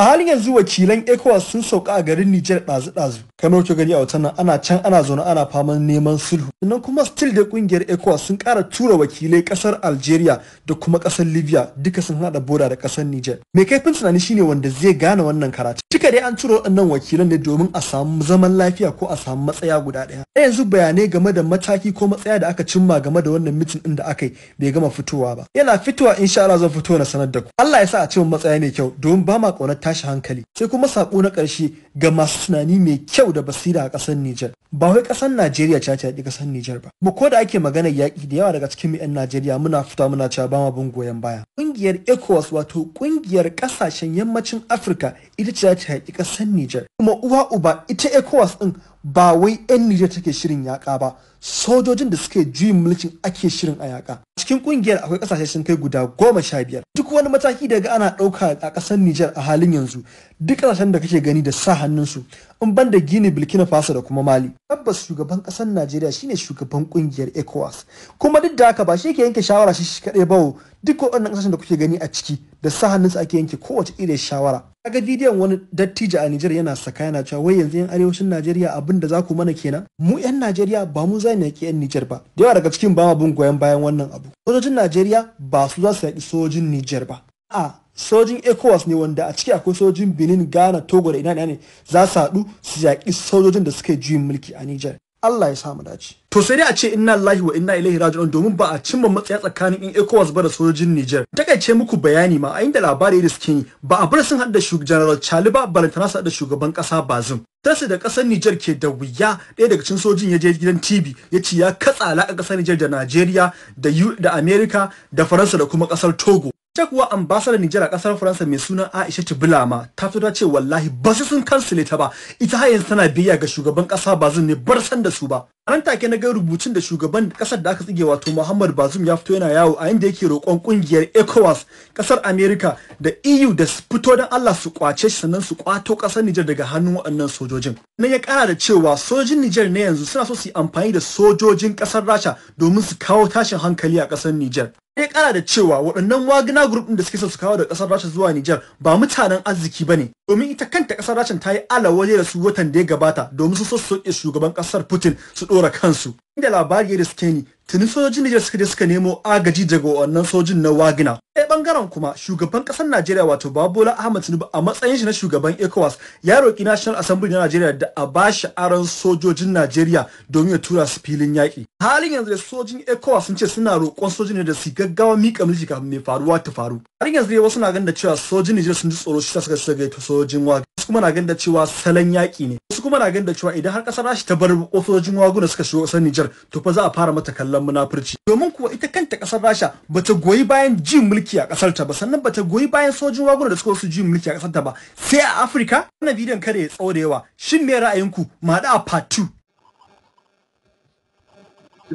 a halin yanzu wakilan ecowas sun sauka a garin niger ɗazu-ɗazu kamar ke gani a watan nan ana can ana zaune ana faman neman sulhu sannan kuma still da kungiyar ecowas sun ƙara tura wakilai ƙasar algeria da kuma ƙasar libya duka sun haɗa boda da ƙasar niger mai kaifin tunani shine wanda zai gane wannan karatu duka dai an turo waɗannan wakilan ne domin a samu zaman lafiya ko a samu matsaya guda ɗaya a yanzu bayanai game da mataki ko matsaya da aka cimma game da wannan mitin ɗin da aka yi bai gama fitowa ba yana fitowa insha Allah zan fito na sanar da ku Allah ya sa a cimma matsaya mai kyau domin ba ma ƙaunar tashi hankali sai kuma sako na ƙarshe ga masu tunani mai kyau da basira a ƙasar Nijar ba wai ƙasar Najeriya ce ta yaƙi ƙasar Nijar ba mu ko da ake maganar yaƙi da yawa daga cikin mu 'yan Najeriya muna fita muna cewa ba mu bin goyon baya ƙungiyar ECOWAS wato ƙungiyar ƙasashen yammacin Afirka ita ce ta yaƙi ƙasar Nijar kuma uwa uba ita ECOWAS din ba wai 'yan Nijar take shirin yaƙa ba sojojin da suke juyin mulkin ake shirin a yaƙa. Cikin ƙungiyar akwai ƙasashe sun kai guda goma sha biyar. Duk wani mataki daga ana ɗauka a ƙasar Nijar a halin yanzu duk ƙasashen da kake gani da sa hannunsu in ban da Gini Burkina Faso da kuma Mali. Tabbas shugaban ƙasar Najeriya shine shugaban ƙungiyar ECOWAS kuma duk da haka ba shi yake yanke shawara shi kaɗai ba duk waɗannan ƙasashen da kuke gani a ciki da sa hannunsu ake yanke kowace irin shawara. kaga bidiyon wani dattijo a Nijar yana saka yana cewa wai yanzu yan arewacin Najeriya abin da za ku mana kenan mu yan Najeriya ba mu za ne yan Nijar ba da yawa daga cikin ba bin goyon bayan wannan abu sojojin Najeriya ba su za su yaki sojojin Nijar ba a sojin ECOWAS ne wanda a ciki akwai sojin Benin Ghana Togo da ina ne za su haɗu su yaki sojojin da suka yi juyin mulki a Nijar Allah ya samu dace to sai dai a ce inna lillahi wa inna ilaihi raji'un domin ba a cimma matsaya tsakanin in ECOWAS ba da sojojin Niger takaice muku bayani ma a inda labari da suke ba a bar sun hada da shugaban General Chaliba Balantana su da shugaban kasa Bazum tasi da kasar Niger ke da wuya ɗaya daga cikin sojin ya je gidan TV ya ce ya katsa alaƙa kasar Niger da Najeriya da da America da Faransa da kuma kasar Togo Ita kuwa ambasadar Nijar a ƙasar Faransa mai suna Aisha Tibulama ta fito ta ce wallahi ba su sun kansile ta ba ita har yanzu tana biya ga shugaban ƙasa ba zan ne bar san da su ba. an take na ga rubucin da shugaban kasar da aka tsige wato Muhammad bazum ya fito yana yawo a inda yake roƙon kungiyar ECOWAS kasar America da EU da su fito don Allah su kwace shi sannan su kwato kasar Niger daga hannun waɗannan sojojin. Na ya ƙara da cewa sojojin Niger na yanzu suna so su yi amfani da sojojin kasar Rasha domin su kawo tashin hankali a kasar Niger. ya kara da cewa waɗannan wagina group ɗin da suke so su kawo da kasar rasha zuwa Nijar ba mutanen arziki ba ne domin ita kanta ƙasar rasha ta yi ala waje da su watan da ya gabata domin su so su soke shugaban ƙasar Putin su ɗora Cansu. inda labari ya suke ni tuni sojojin Nijar suka je suka nemo agaji daga wannan sojin na wagina Ɗaya bangaren kuma shugaban ƙasar Najeriya wato Babola Ahmad Tinubu a matsayin shi na shugaban ECOWAS ya roƙi National Assembly na Najeriya da a ba shi aron sojojin Najeriya domin ya tura su filin yaƙi. Halin yanzu da sojin ECOWAS sun ce suna roƙon sojin da su gaggawa miƙa mulki kafin mai faruwa ta faru. Har yanzu dai wasu na ganin da cewa sojin Nijar sun ji tsoro shi suka shiga sojin Wagner. Wasu kuma na ganin da cewa salon yaƙi ne. Wasu kuma na ganin da cewa idan har ƙasar Rasha ta bar sojojin Wagner suka shigo ƙasar Niger to fa za a fara mata kallon munafurci domin kuwa ita kanta kasar Rasha bata goyi bayan jin mulki a kasar ta ba sannan bata goyi bayan sojin waguna da suka su jin mulki a kasar ta ba sai a Afirka wannan bidiyon kare ya tsawo da yawa shin me ra'ayinku mu a part 2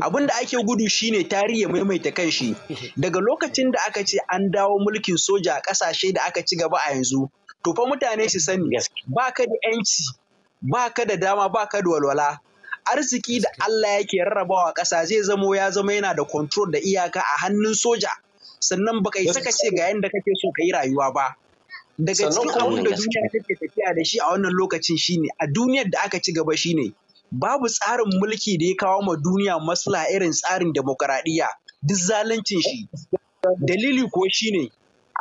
abin da ake gudu shine tarihi ya maimaita kanshi daga lokacin da aka ce an dawo mulkin soja a ƙasashe da aka ci gaba a yanzu to fa mutane su sani ba ka da yanci ba ka da dama ba ka da walwala arziki da Allah yake rarrabawa ƙasa zai zamo ya zama yana da control da iyaka a hannun soja sannan baka yi saka ce ga yadda kake so ka yi rayuwa ba daga cikin abin da duniya take tafiya da shi a wannan lokacin shine a duniyar da aka ci gaba shine babu tsarin mulki da ya kawo ma duniya maslaha irin tsarin demokaradiyya duk zaluncin shi dalili ko shine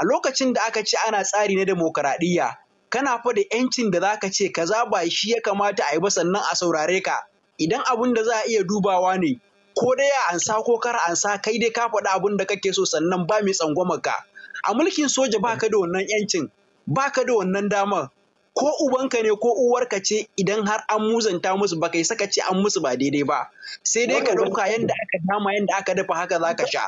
a lokacin da aka ce ana tsari na demokaradiyya kana fa da yancin da zaka ce kaza ba shi ya kamata a yi ba sannan a saurare ka idan abin da za a iya dubawa ne ko dai a ansa ko kar ansa kai dai ka faɗi abun da kake so sannan ba mai tsangwamar ka a mulkin soja baka da wannan yancin baka da wannan damar ko ubanka ne ko uwarka ce idan har an muzanta musu ba kai saka ce an musu ba daidai ba sai dai ka dauka yanda aka dama yanda aka dafa haka zaka sha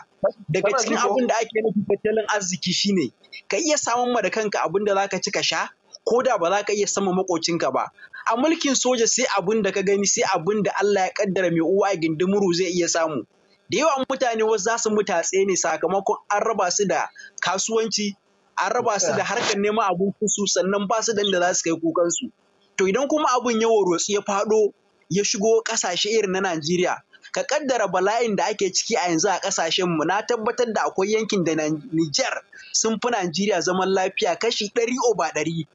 daga cikin abin da ake nufi tattalin arziki shine ka iya samun ma da kanka abin da za ka ci ka sha ko da ba za ka iya sama makocinka ba a mulkin soja sai abin da ka gani sai abin da Allah ya kaddara mai uwa gindimuru zai iya samu da yawan mutane wasu za su mutatse ne sakamakon an raba su da kasuwanci an raba su da harkar neman abin kusu sannan ba su da inda za su kai kukansu to idan kuma abin ya warwatsu ya faɗo ya shigo ƙasashe irin na Najeriya ka kaddara bala'in da ake ciki a yanzu a kasashen mu na tabbatar da akwai yankin da Nijar sun fi Najeriya zaman lafiya kashi ɗari o ba ɗari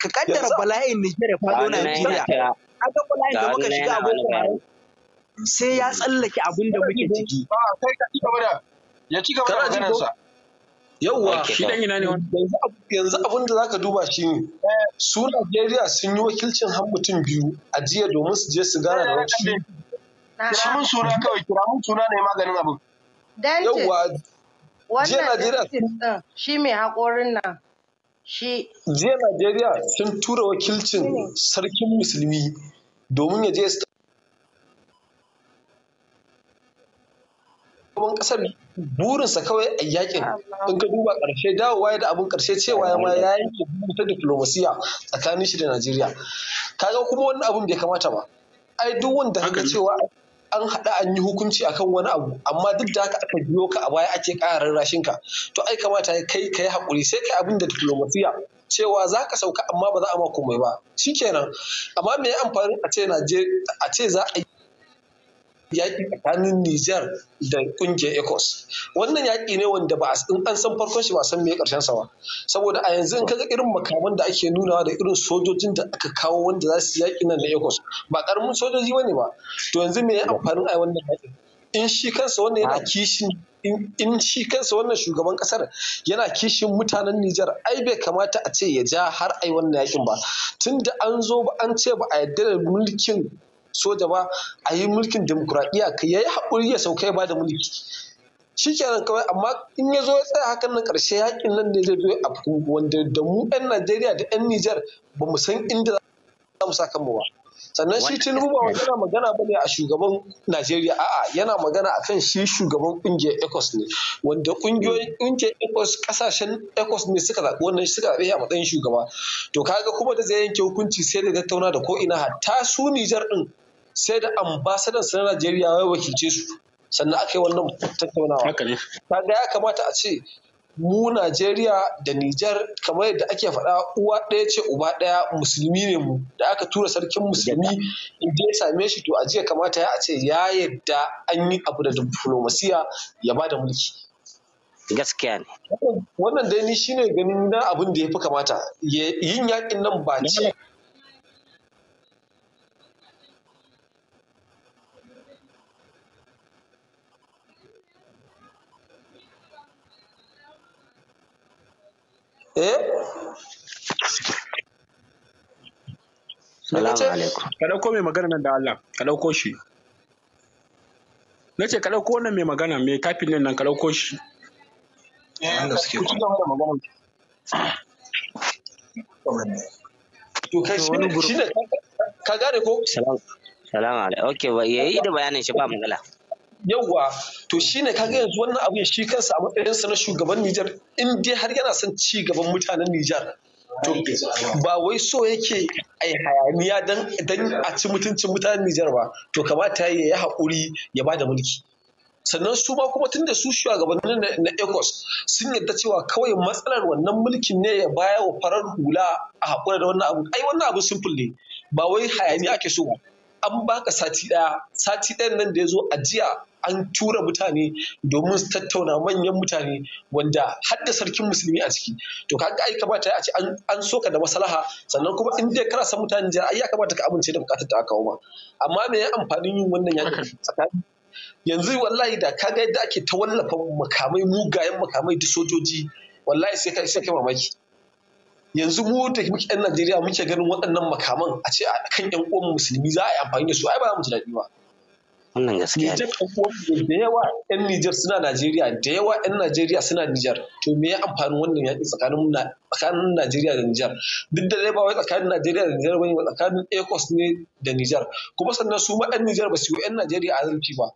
ka kaddara bala'in Nijar ya faɗo Najeriya. Kaga bala'in da muka shiga abokan sai ya tsallake abin da muke ciki. Ya ci gaba da maganarsa. Yauwa, shi dan ina ne yanzu abin da zaka duba shi ne eh. su Najeriya sun yi wakilcin har mutum biyu a jiya domin su je su gana da wasu. Shi mun suna kawai kira mun suna ne maganin abin. Yauwa, jiya Najeriya. Shi mai haƙorin nan. shi je Najeriya sun tura wakilcin sarkin musulmi domin ya je Abin kasar burinsa kawai a yakin in ka duba karshe dawowa da abin karshe cewa ya ma ya yanke ta diplomasiya tsakanin shi da Najeriya kaga kuma wani abin bai kamata ba ai duk wanda haka cewa an haɗa an yi hukunci akan wani abu amma duk da haka aka biyo ka a baya ake ƙara rashin ka to ai kamata kai ka yi haƙuri sai kai abin da diplomasiya cewa za ka sauka amma ba za a ma komai ba Shi shikenan amma me amfani a ce a ce za a yi yaƙi tsakanin Nijar da ƙungiyar Ecos. Wannan yaƙi ne wanda ba in an san farkon shi ba san me ƙarshen sa ba. Saboda a yanzu in kaga irin makaman da ake nunawa da irin sojojin da aka kawo wanda za su yaƙi nan da Ecos, ba ƙaramin sojoji bane ba. To yanzu me ya amfanin a wannan yaƙin? In shi kansa wannan yana kishin in shi kansa wannan shugaban ƙasar yana kishin mutanen Nijar ai bai kamata a ce ya ja har ai wannan yakin ba tunda an zo ba an ce ba a yarda da mulkin soja ba a yi mulkin demokuraɗiyya ka yayi haƙuri ya sauka ya da mulki shi kawai amma in ya zo ya tsaya hakan na ƙarshe yakin nan ne zai zo a wanda da mu 'yan Najeriya da 'yan Nijar ba mu san inda za mu sa kanmu ba sannan shi Tinubu ba yana magana ba ne a shugaban Najeriya a'a yana magana kan shi shugaban kungiyar ecos ne wanda kungiyoyin kungiyar ecos kasashen ecos ne suka zaɓi wannan suka zaɓi a matsayin shugaba to kaga kuma da zai yanke hukunci sai da tattauna da ko ina hatta su Nijar din sai da ambasadan na Najeriya ya wakilce su sannan aka yi wannan tattaunawa. Haka ne. Kaga ya kamata a ce mu Najeriya da Nijar kamar yadda ake faɗa uwa ɗaya ce uba ɗaya musulmi ne mu da aka tura sarkin musulmi in ya same shi to a jiya kamata ya a ce ya yadda an yi abu da diplomasiya ya bada mulki. Gaskiya ne. Wannan dai ni shine ganin na abin da ya fi kamata yin yakin nan ba ce eh Salamu alaikum. Ka ɗauko mai magana nan da Allah, ka ɗauko shi. Na ce ka ɗauko wannan mai magana mai kafin nan nan ka ɗauko shi. Wanda suke kuma. ka gane ko? Salamu alaikum. Ok, yayi da bayanin shi ba magana. yauwa to shine kaga yanzu wannan abin shi kansa a matsayinsa na shugaban Nijar in dai har yana son ci gaban mutanen Nijar to ba wai so yake ai hayaniya dan a ci mutuncin mutanen Nijar ba to kamata ya yi haƙuri ya ba da mulki sannan su ma kuma tunda su shugabannin na ecos sun yadda cewa kawai matsalar wannan mulkin ne ya baya wa farar hula a haƙura da wannan abu ai wannan abu simple ne ba wai hayaniya ake so ba an baka sati daya sati ɗayan nan da ya zo a jiya an tura mutane domin su tattauna manyan mutane wanda hadda sarkin musulmi a ciki to kaga ai kamata a ce an soka da maslaha sannan kuma in dai kana san mutanen jihar ai ya kamata ka amince da bukatar da aka kawo ma amma me ya amfanin yin wannan ya tsakanin yanzu wallahi da kaga yadda ake ta wallafa makamai mugayen makamai da sojoji wallahi sai kai sai kai mamaki yanzu mu da muke yan Najeriya muke ganin waɗannan makaman a ce a kan ƴan uwan musulmi za a yi amfani da su ai ba mu ji daɗi ba wannan gaskiya ne da yawa ƴan Nijar suna Najeriya da yawa ƴan Najeriya suna Nijar to me ya amfanin wannan yaƙi tsakanin tsakanin Najeriya da Nijar duk da dai ba wai tsakanin Najeriya da Nijar bane tsakanin ECOWAS ne da Nijar kuma sannan su ma ƴan Nijar ba su yi ƴan Najeriya adalci ba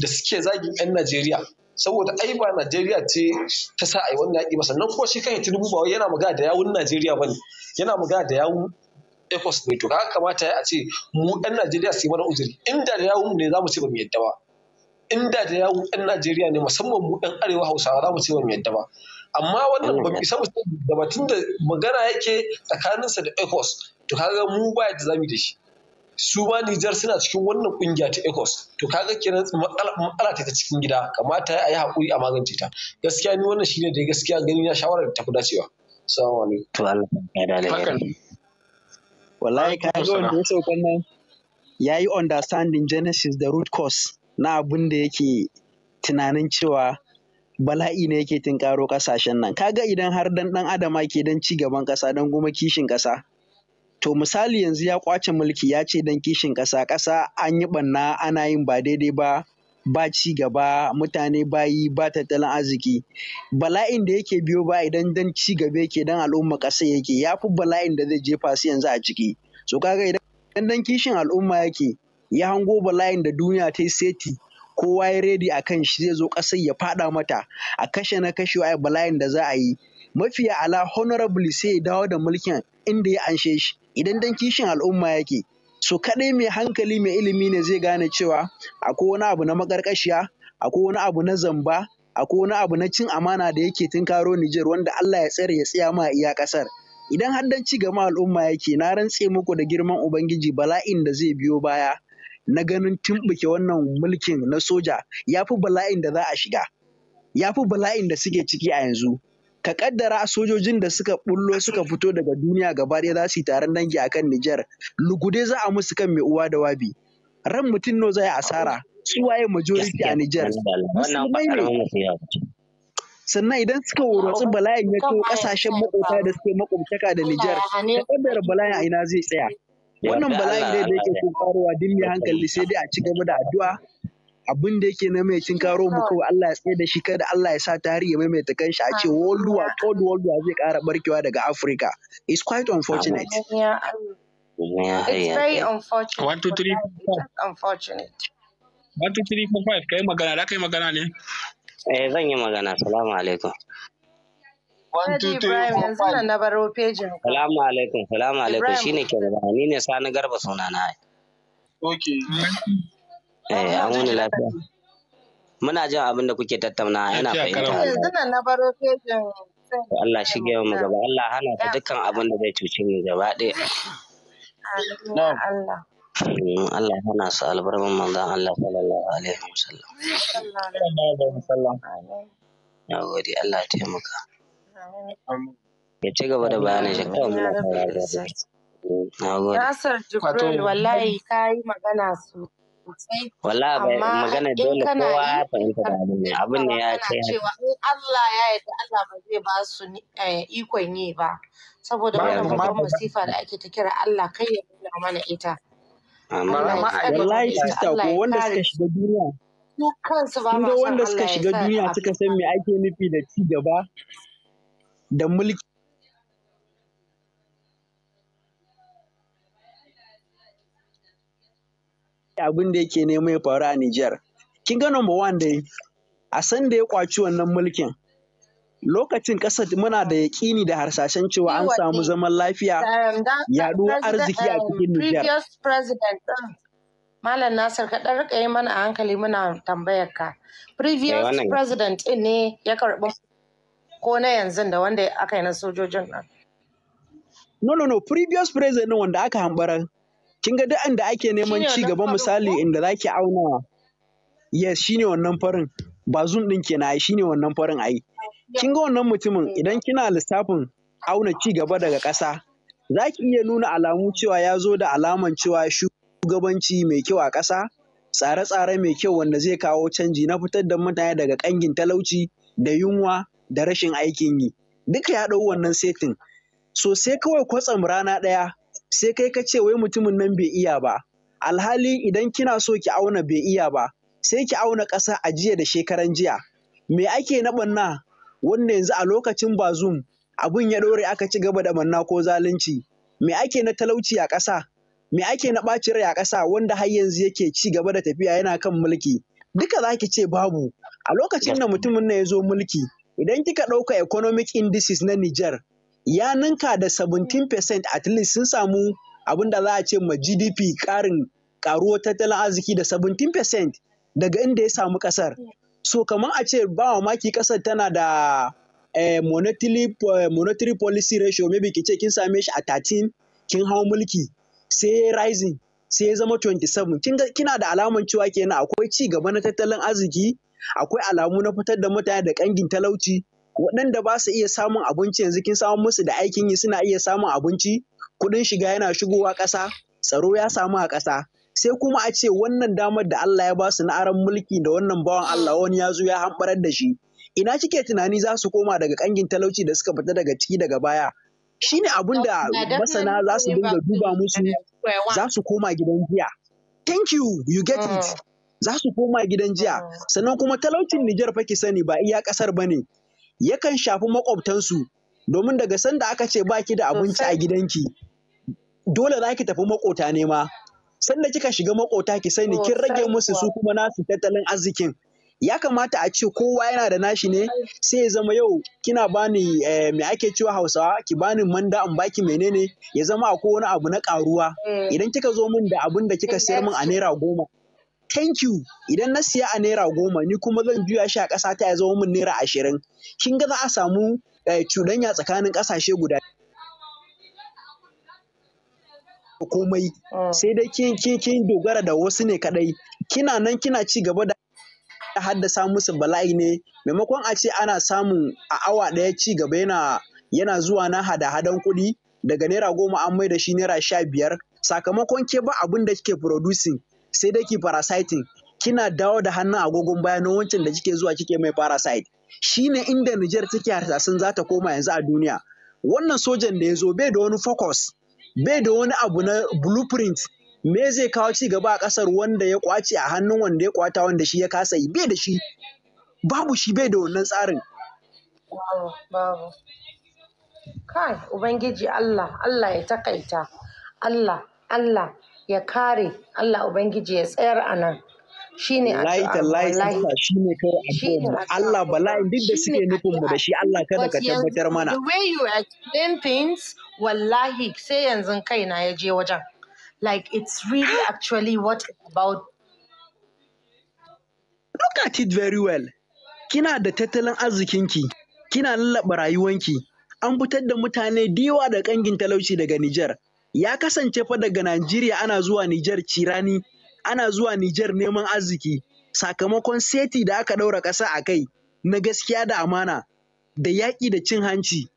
da suke zagin ƴan Najeriya saboda ai ba Najeriya ce ta sa yi wannan yaƙi ba sannan kuma shi kan Tinubu ba yana magana da yawun Najeriya ne. yana magana da yawun Ecos ne to kaga kamata ya a ce mu ɗan Najeriya su yi mana uzuri inda da yawun ne za mu ce ba mu yadda ba inda da yawun ɗan Najeriya ne musamman mu ɗan arewa Hausawa za mu ce ba mu yadda ba amma wannan ba mu isa mu da batun da magana yake tsakaninsa da Ecos to kaga mu ba yadda yi da shi su ma Nijar suna cikin wannan kungiya ta ECOWAS to kaga kenan matsala ta cikin gida kamata a yi haƙuri a magance ta gaskiya ni wannan shine da gaskiya gani na shawarar ta fi dacewa wallahi wanda ya sauka nan yayi understanding genesis da root cause na abin da yake tunanin cewa bala'i ne yake tinkaro kasashen nan kaga idan har dan dan adam ke dan ci gaban kasa dan kuma kishin kasa To misali yanzu ya kwace mulki ya ce don kishin ƙasa, ƙasa an yi ɓanna ana yin ba daidai ba, ba ci gaba, mutane bayi ba tattalin arziki. Bala'in da yake biyo ba idan don ci gaba yake dan al'umma ƙasa yake ya fi bala'in da zai jefa su yanzu a ciki. So kaga idan don kishin al'umma yake ya hango bala'in da duniya ta yi seti kowa ya redi a kan shi zai zo ƙasar ya faɗa mata a kashe na kashewa bala'in da za a yi Mafiya ala honorable sai ya dawo da mulkin inda ya anshe shi idan dan kishin al'umma yake so kadai mai hankali mai ilimi ne zai gane cewa akwai wani abu na makarkashiya akwai wani abu na zamba akwai wani abu na cin amana da yake tunkaro Nijar wanda Allah ya tsare ya tsaya ma iya kasar idan har dan ci al'umma yake na rantse muku da girman ubangiji bala'in da zai biyo baya na ganin tumbuke wannan mulkin na soja ya fi bala'in da za a shiga ya fi bala'in da suke ciki a yanzu ka kaddara sojojin da suka bullo suka fito daga duniya gaba ɗaya za su yi taron dangi a kan Nijar lugude za a musu kan mai uwa da wabi ran mutum no zai asara su waye majority a Nijar musulmai ne sannan idan suka warwatsu bala'in ya kawo kasashen makota da suke makwabtaka da Nijar ka kaddara bala'in a ina zai tsaya wannan bala'in dai da yake faruwa din hankali sai dai a ci gaba da addu'a abin da yake na mai karo mu kawai Allah ya tsaye da shi kada Allah ya sa tarihi mai mai takan shi a ce world war third world war zai kara barkewa daga Africa it's quite unfortunate it's very unfortunate one two three unfortunate one two three four five kai magana da kai magana ne eh zan yi magana assalamu alaikum Salamu alaikum, salamu alaikum, shi ne ke ni ne sani garba sunana. Ok. Eh, an wuni lafiya. Muna jin abin da kuke tattauna yana fahimta. Yanzu eh, nan na baro fejin. Allah shi gaya mu gaba, Allah hana ta dukkan abin da zai cuci mu gaba ɗaya. Allah. Mm, Allah hana su albarman manzan Allah sallallahu alaihi wasallam. Na gode Allah taimaka. Ya ci gaba da bayanin shi kawai muna fara da Nasir Jibril wallahi ka yi magana su. wallahi magana dole kowa ya fahimta da abin ne abin ne ya cewa in Allah ya yarda Allah ba zai ba su eh, ikon yi ba saboda wannan babban masifa da ake ta kira Allah kai ya kula mana ita wallahi sister ko wanda suka shiga duniya su wanda suka shiga duniya suka san me ake nufi da ci gaba da mulki abin da yake nema ya faru a Nijar. Kin ga number one dai a san da ya kwaci wannan mulkin lokacin ƙasar muna da yaƙini da harsashen cewa an samu zaman lafiya yaɗuwar arziki a cikin um, Nijar. Malam Nasir ka ɗan yi mana a hankali muna tambayar ka. Previous eh, president ɗin ne ya karɓi ko na yanzu da wanda aka yi na sojojin nan. No, no, no, previous president wanda aka hambara kin ga duk inda ake neman ci gaba misali inda zaki auna yes shine wannan farin ba zoom din kenan ai shine wannan farin ai kin ga wannan mutumin idan kina lissafin auna ci gaba daga ƙasa zaki iya nuna alamu cewa ya zo da alaman cewa shugabanci mai kyau a ƙasa tsare-tsare mai kyau wanda zai kawo canji na fitar da mutane daga kangin talauci da yunwa da rashin aikin yi duka ya ɗau wannan setin so sai kawai kwatsam rana ɗaya sai kai ka ce wai mutumin nan bai iya ba alhali idan kina so ki auna bai iya ba sai ki auna ƙasa a jiya da shekaran jiya me ake na ɓanna wanda yanzu a lokacin bazum abun ya ɗore aka ci gaba da banna ko zalunci me ake na talauci a ƙasa me ake na ɓacin rai a ƙasa wanda har yanzu yake ci gaba da tafiya yana kan mulki duka za ki ce babu a lokacin da mutumin nan ya zo mulki idan kika ɗauka economic indices na Niger ya ninka da 17% at least sun samu abin da za a ce ma GDP karin karuwar tattalin arziki da 17% daga inda ya samu kasar. So kamar a ce ba wa maki kasar tana da eh, eh, monetary, policy ratio maybe ki ce kin same shi a 13 kin hau mulki sai rising sai ya zama 27 kina da alaman cewa kenan akwai ci gaba na tattalin arziki akwai alamu na fitar da mutane da kangin talauci waɗanda ba su iya samun abinci yanzu kin samu musu da aikin yi suna iya samun abinci kuɗin shiga yana shigowa ƙasa tsaro ya samu a ƙasa sai kuma a ce wannan damar da Allah ya ba su na aron mulki da wannan bawan Allah wani ya zo ya hambarar da shi ina kike tunani za su koma daga kangin talauci da suka fita daga ciki daga baya shine abin da masana za su dinga duba musu za su koma gidan jiya thank you you get it mm. za su koma gidan jiya mm. sannan kuma talaucin Nijar fa ki sani ba iya kasar bane yakan shafi maƙwabtansu domin daga sanda aka ce baki da abinci a gidanki dole za ki tafi maƙota ne ma sanda kika shiga maƙota ki sani kin rage musu su kuma nasu tattalin arzikin ya kamata a ce kowa yana da nashi ne sai ya zama yau kina bani eh, me ake cewa hausawa ki bani manda in baki menene ya zama a kowane abu na karuwa eh. idan kika zo min da abin da kika sayar min a naira goma thank you idan na siya a naira goma ni kuma zan juya shi a ƙasa ta ya zama min naira ashirin kin ga za a samu eh, cuɗanya tsakanin ƙasashe guda komai ah. sai dai kin kin dogara da wasu ne kadai kina nan kina ci gaba da haddasa musu bala'i ne maimakon a ce ana samun a awa ɗaya ci gaba yana yana zuwa na hada-hadan kuɗi daga naira goma an mai da shi naira sha biyar sakamakon ke ba abin da kike producing sai dai ki parasiting kina dawo da hannun agogon baya na wancan da kike zuwa kike mai parasite shine inda Niger take harsasin za ta koma yanzu a duniya wannan sojan da ya zo bai da wani focus bai da wani abu na blueprint me zai kawo ci gaba a kasar wanda ya kwace a hannun wanda ya kwata wanda shi ya kasa yi bai da shi babu shi bai da wannan tsarin babu kai ubangiji Allah Allah ya takaita Allah Allah ya kare Allah ubangiji ya tsayar a nan shi ne a Allah bala'in duk da suke nufin mu da shi Allah kada ka tabbatar mana the way you explain things wallahi sai yanzu kai na ya je wajen like it's really ah! actually what it's about look at it very well kina da tattalin arzikinki kina lallaba rayuwanki an fitar da mutane diwa da kangin talauci daga Nijar Ya kasance fa daga Najeriya ana zuwa Nijar cirani, ana zuwa Nijar neman arziki, sakamakon seti da aka ɗaura ƙasa a kai na gaskiya da amana, da yaƙi da cin hanci.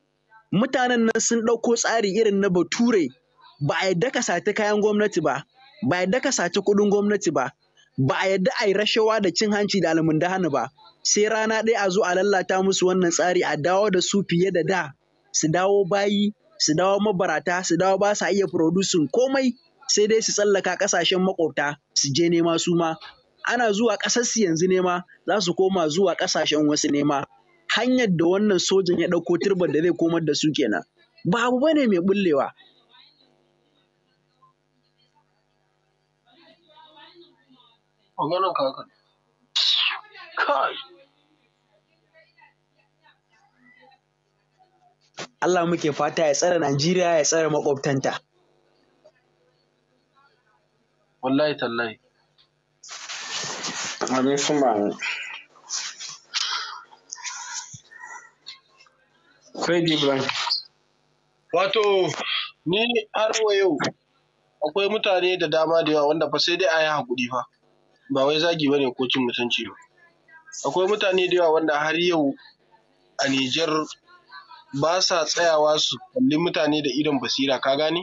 Mutanen nan sun ɗauko tsari irin na Bature, ba a yadda ka sata kayan gwamnati ba, ba a yadda ka sati kuɗin gwamnati ba, ba a yadda a yi rashawa da cin hanci da almundahan ba. Sai rana ɗaya a zo a lallata musu wannan tsari a dawo da su fiye da da, su dawo bayi su dawo mabarata su dawo ba sa iya producing komai sai dai su tsallaka ƙasashen makwabta su je nema su ma ana zuwa ƙasar su yanzu nema za su koma zuwa ƙasashen wasu nema hanyar da wannan sojan ya ɗauko turban da zai komar da su kenan ba abu bane mai bullewa kai Allah muke fata ya tsare Najeriya ya tsare makwabtanta. Wallahi tallahi. Amin sun ba Sai Gibran. Wato, ni har wa yau akwai mutane da dama da yawa wanda fa sai dai a yi hakuri fa. Ba wai zagi ba ne ko cin mutunci ba. Akwai mutane da yawa wanda har yau a Nijar ba sa tsayawa su kalli mutane da idon basira ka gane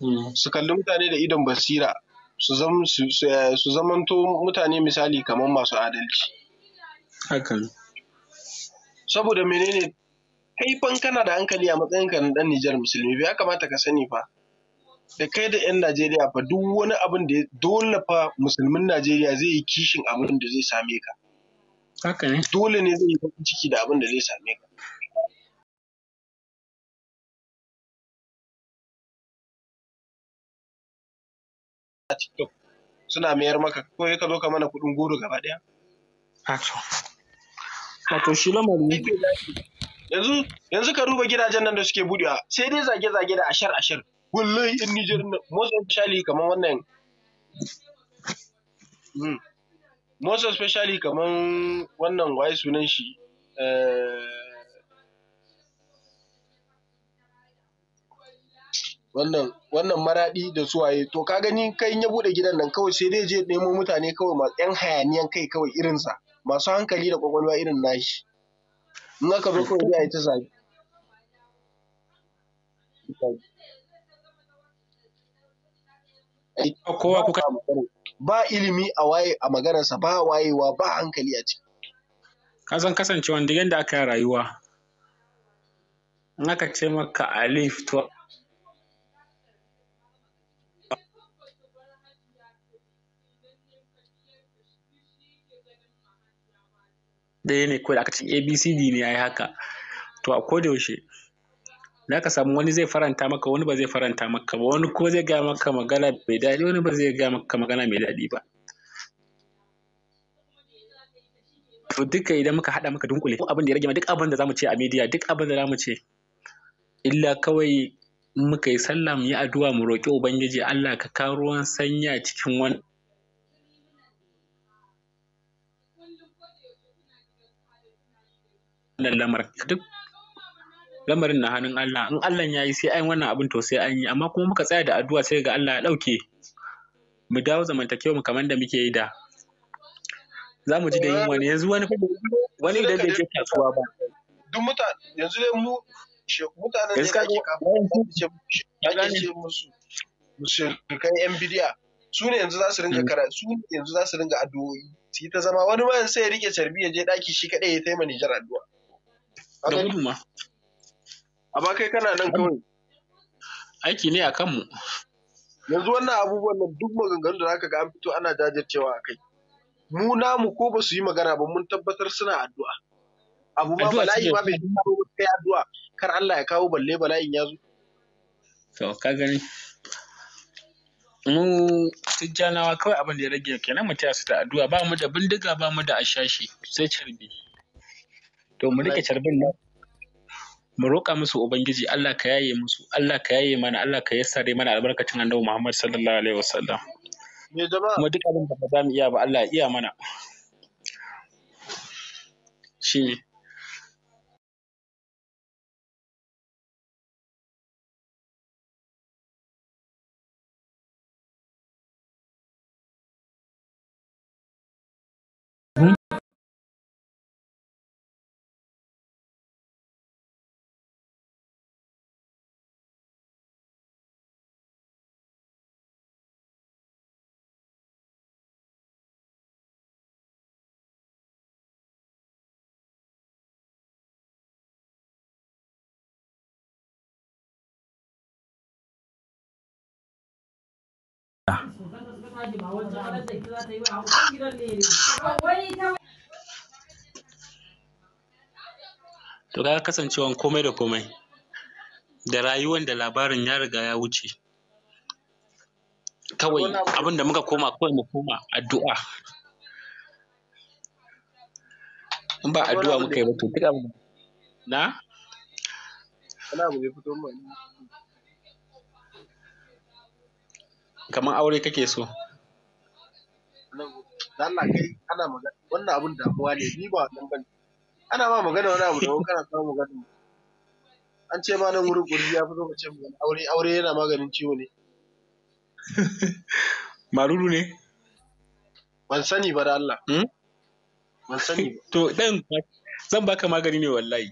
hmm. su kalli mutane da idon basira su eh, zamanto mutane misali kamar masu adalci hakan saboda menene kai kana da hankali a matsayinka na dan Nijar musulmi ya kamata ka sani fa da kai da 'yan Najeriya fa duk wani abin da dole fa musulmin Najeriya zai yi kishin abin da zai same ka. Dole ne zai yi ciki da abin da zai same ka. a TikTok suna mayar maka ko ka zo ka mana kudin goro gaba ɗaya. Wato shi lamari. Yanzu yanzu ka duba gidajen nan da suke budewa sai dai zage-zage da ashar ashar. Wallahi in Niger nan most especially kamar wannan. Hmm, most especially kamar wannan waye sunan shi. Eh wannan wannan maraɗi da suwaye to ka gani kai ya buɗe gidan nan kawai sai dai je nemo mutane kawai masu yan hayaniyan kai kawai irinsa masu hankali da kwakwalwa irin nashi in aka zo kawai zai ta zabi ba ilimi a waye a maganarsa ba wayewa ba hankali a ciki ka san kasancewa duk yadda aka yi rayuwa in aka ce maka alif to ɗaya ne ko da aka ce abcd ne ya yi haka to a koda yaushe za ka samu wani zai faranta maka wani ba zai faranta maka ba wani ko zai gaya maka magana mai daɗi wani ba zai gaya maka magana mai daɗi ba to duka idan muka haɗa muka dunkule ko abin da ya rage ma duk abin da zamu ce a media duk abin da zamu ce illa kawai muka yi sallah mu yi addu'a mu roƙi ubangiji Allah ka kawo ruwan sanya cikin wani. wannan lamarin duk lamarin na hannun Allah in Allah ya yi sai an wannan abin to sai an yi amma kuma muka tsaya da addu'a sai ga Allah ya ɗauke mu dawo zamantakewa mu kamar da muke yi da za mu ji da yin wani yanzu wani wani idan bai je kasuwa ba duk mutane yanzu dai mu mutane ne ake kafa ake ce musu musulkan yan bidiya su ne yanzu za su ringa mm. kara su ne yanzu za su ringa addu'o'i su yi ta zama wani ma sai ya rike carbi ya je daki shi kadai ya taimaka jar addu'a da gudun ma. A Amma kai kana nan kawai. Aiki ne a kanmu. Yanzu wannan abubuwan nan duk maganganun da zaka ga an fito ana jajircewa a kai. Mu namu ko ba su yi magana ba mun tabbatar suna addu'a. Abu ma bala'i ma bai kawo ba kai addu'a kar Allah ya kawo balle bala'in ya zo. To ka gani. Mu tijjanawa kawai abin da ya rage kenan mu taya su ta addu'a ba mu da bindiga ba mu da ashashi sai carbi. to mu rike carbin nan mu roƙa musu ubangiji Allah ka yaye musu Allah ka yaye mana Allah ka yassare mana albarkacin annabi Muhammad sallallahu alaihi wasallam kuma duk abin da ba za mu iya ba Allah ya iya mana shi To ga kasancewan komai da komai da rayuwan da labarin ya riga ya wuce kawai abinda muka koma kawai mu koma addu'a in ba addu'a muka yi ba to duk mu. na kamar aure kake so nan Allah kai ana magana wannan abun damuwa ne ni ba wannan bane ana ma magana wani abu da wani kana samu magana an ce ma nan wurin gurbi ya fi lokacin magana aure aure yana maganin ciwo ne maruru ne ban sani ba da Allah hmm? ban sani ba to dan zan baka magani ne wallahi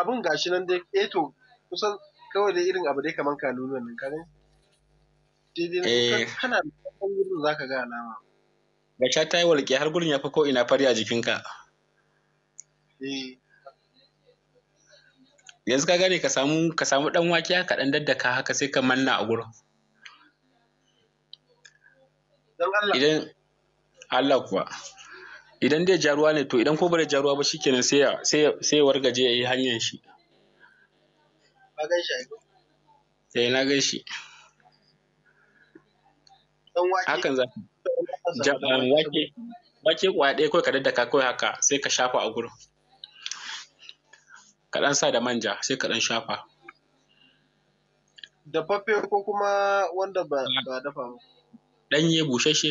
abun gashi nan dai eh to kusan kawai dai irin abu dai kaman kanunan nan ka gani daidai eh. kana ga sha ta yi walƙi har gurin ya fi ko ina fari a jikinka eh. yanzu ka gane ka samu ka samu dan wake haka ɗan daddaka haka sai ka manna a gurin idan Allah kuwa idan dai jaruwa ne to idan ko bai bare jaruwa ba shikenan sai ya sai ya wargaje yayi hanyar shi na gaishe eh na gaishe hakan za wake wake kwaɗe kawai ka daddaka kawai haka sai ka shafa a gurin ka ɗan sa da manja sai ka ɗan shafa dafaffe ko kuma wanda ba dafa ba ɗanye bushashe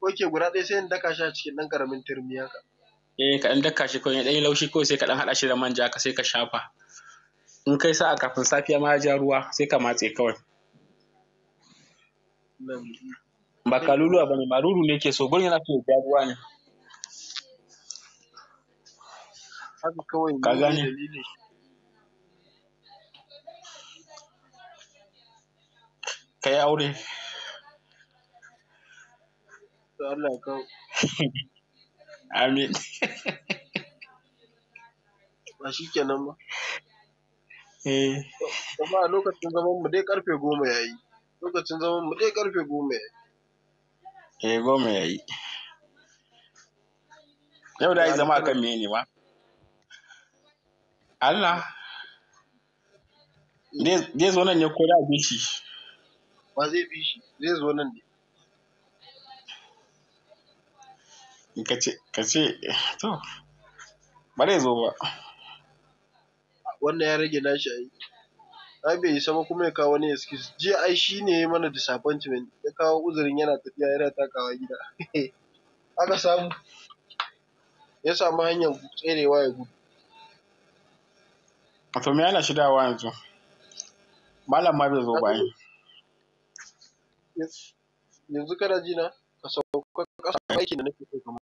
ok guda ɗaya sai in daka shi a cikin ɗan ƙaramin turmi haka eh ka ɗan daka shi kawai ɗan yi laushi kawai sai ka ɗan haɗa shi da manja ka sai ka shafa in kai sa'a kafin safiya ma ya ja ruwa sai ka matse kawai bakalulu kaluluwa ba neke so gurin na fiye da ruwa ne haka kawai ka gane aure amin ba shi kenan ba eh kuma a lokacin zaman mu dai karfe goma yayi lokacin zaman mu dai karfe goma ya yi. Eh goma ya yi. Yau da yi zama a kan mene ma? Allah. Zai zo nan ya ko da bi shi? Ba zai bi shi, zai zo nan ne. Kace, kace, to, ba zai zo ba. Wannan ya rage nashi a yi. ai ya isa kuma ya kawo wani excuse jiya ai shi ne ya mana disappointment ya kawo uzurin yana tafiya yana takawa gida aka samu ya samu hanyar tserewa ya gudu a to me ana shi yanzu malam ma bai zo ba yi yanzu kana ji na ka sauka ƙasa aikin da nake so kamar